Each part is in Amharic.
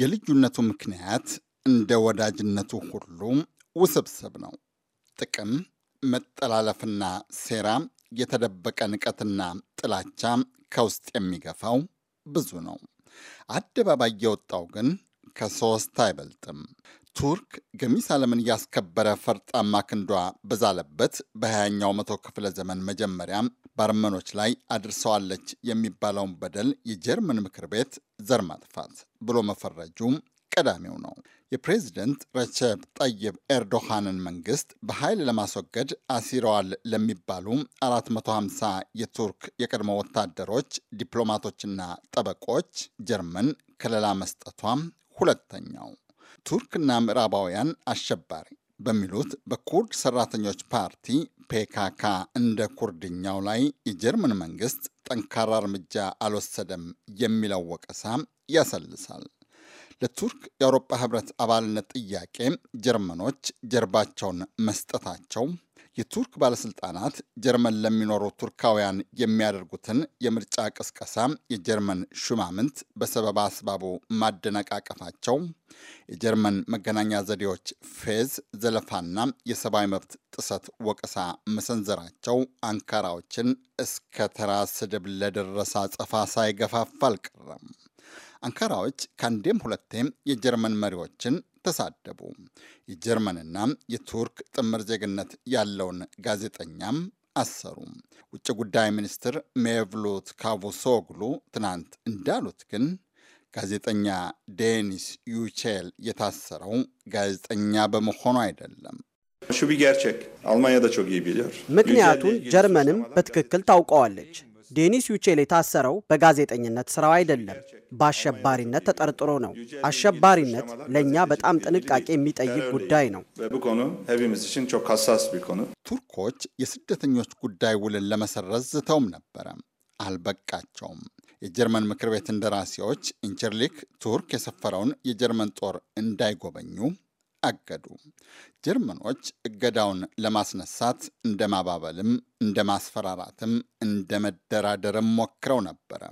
የልዩነቱ ምክንያት እንደ ወዳጅነቱ ሁሉ ውስብስብ ነው። ጥቅም፣ መጠላለፍና ሴራ፣ የተደበቀ ንቀትና ጥላቻ ከውስጥ የሚገፋው ብዙ ነው። አደባባይ የወጣው ግን ከሶስት አይበልጥም። ቱርክ ገሚስ ዓለምን ያስከበረ ፈርጣማ ክንዷ በዛለበት በ20ኛው መቶ ክፍለ ዘመን መጀመሪያ በአርመኖች ላይ አድርሰዋለች የሚባለውን በደል የጀርመን ምክር ቤት ዘር ማጥፋት ብሎ መፈረጁ ቀዳሚው ነው። የፕሬዝደንት ረቸብ ጠይብ ኤርዶሃንን መንግስት በኃይል ለማስወገድ አሲረዋል ለሚባሉ 450 የቱርክ የቀድሞ ወታደሮች፣ ዲፕሎማቶችና ጠበቆች ጀርመን ከለላ መስጠቷም ሁለተኛው። ቱርክና ምዕራባውያን አሸባሪ በሚሉት በኩርድ ሰራተኞች ፓርቲ ፔካካ እንደ ኩርድኛው ላይ የጀርመን መንግስት ጠንካራ እርምጃ አልወሰደም የሚለው ወቀሳ ያሰልሳል። ለቱርክ የአውሮፓ ህብረት አባልነት ጥያቄ ጀርመኖች ጀርባቸውን መስጠታቸው የቱርክ ባለስልጣናት ጀርመን ለሚኖሩ ቱርካውያን የሚያደርጉትን የምርጫ ቅስቀሳ የጀርመን ሹማምንት በሰበብ አስባቡ ማደነቃቀፋቸው የጀርመን መገናኛ ዘዴዎች ፌዝ ዘለፋና የሰብአዊ መብት ጥሰት ወቀሳ መሰንዘራቸው አንካራዎችን እስከ ተራ ስድብ ለደረሰ አጸፋ ሳይገፋፋ አልቀረም። አንካራዎች ከአንዴም ሁለቴም የጀርመን መሪዎችን ተሳደቡ። የጀርመንና የቱርክ ጥምር ዜግነት ያለውን ጋዜጠኛም አሰሩ። ውጭ ጉዳይ ሚኒስትር ሜቭሉት ካቮሶግሉ ትናንት እንዳሉት ግን ጋዜጠኛ ዴኒስ ዩቼል የታሰረው ጋዜጠኛ በመሆኑ አይደለም። ምክንያቱን ጀርመንም በትክክል ታውቀዋለች። ዴኒስ ዩቼል የታሰረው በጋዜጠኝነት ስራው አይደለም፣ በአሸባሪነት ተጠርጥሮ ነው። አሸባሪነት ለእኛ በጣም ጥንቃቄ የሚጠይቅ ጉዳይ ነው። ቱርኮች የስደተኞች ጉዳይ ውልን ለመሰረዝ ዝተውም ነበረ፣ አልበቃቸውም። የጀርመን ምክር ቤት እንደራሴዎች ኢንቸርሊክ ቱርክ የሰፈረውን የጀርመን ጦር እንዳይጎበኙ አገዱ። ጀርመኖች እገዳውን ለማስነሳት እንደ ማባበልም እንደ ማስፈራራትም እንደ መደራደርም ሞክረው ነበረ።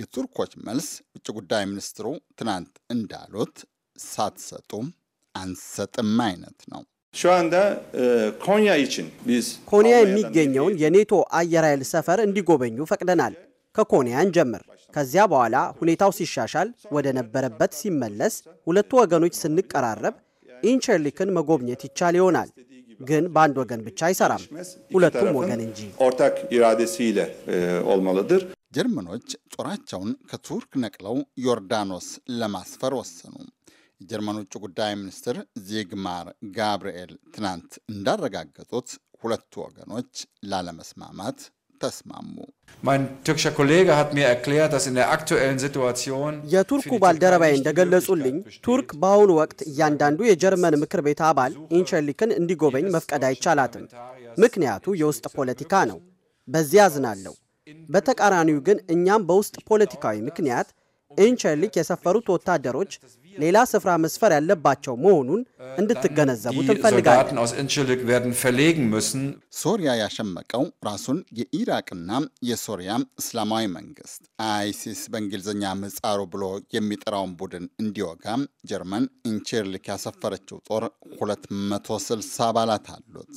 የቱርኮች መልስ ውጭ ጉዳይ ሚኒስትሩ ትናንት እንዳሉት ሳትሰጡ አንሰጥም አይነት ነው። e, ኮንያ የሚገኘውን የኔቶ አየር ኃይል ሰፈር እንዲጎበኙ ፈቅደናል። ከኮንያን ጀምር። ከዚያ በኋላ ሁኔታው ሲሻሻል ወደ ነበረበት ሲመለስ ሁለቱ ወገኖች ስንቀራረብ ኢንቸርሊክን መጎብኘት ይቻል ይሆናል። ግን በአንድ ወገን ብቻ አይሰራም፣ ሁለቱም ወገን እንጂ። ጀርመኖች ጦራቸውን ከቱርክ ነቅለው ዮርዳኖስ ለማስፈር ወሰኑ። የጀርመን ውጭ ጉዳይ ሚኒስትር ዚግማር ጋብርኤል ትናንት እንዳረጋገጡት ሁለቱ ወገኖች ላለመስማማት ተስማሙ። የቱርኩ ባልደረባይ እንደገለጹልኝ ቱርክ በአሁኑ ወቅት እያንዳንዱ የጀርመን ምክር ቤት አባል ኢንቸሊክን እንዲጎበኝ መፍቀድ አይቻላትም። ምክንያቱ የውስጥ ፖለቲካ ነው። በዚያ አዝናለሁ። በተቃራኒው ግን እኛም በውስጥ ፖለቲካዊ ምክንያት ኢንቸርሊክ የሰፈሩት ወታደሮች ሌላ ስፍራ መስፈር ያለባቸው መሆኑን እንድትገነዘቡት እንፈልጋለን። ሶሪያ ያሸመቀው ራሱን የኢራቅና የሶሪያ እስላማዊ መንግስት አይሲስ በእንግሊዝኛ ምጻሩ ብሎ የሚጠራውን ቡድን እንዲወጋ ጀርመን ኢንቸርሊክ ያሰፈረችው ጦር 260 አባላት አሉት።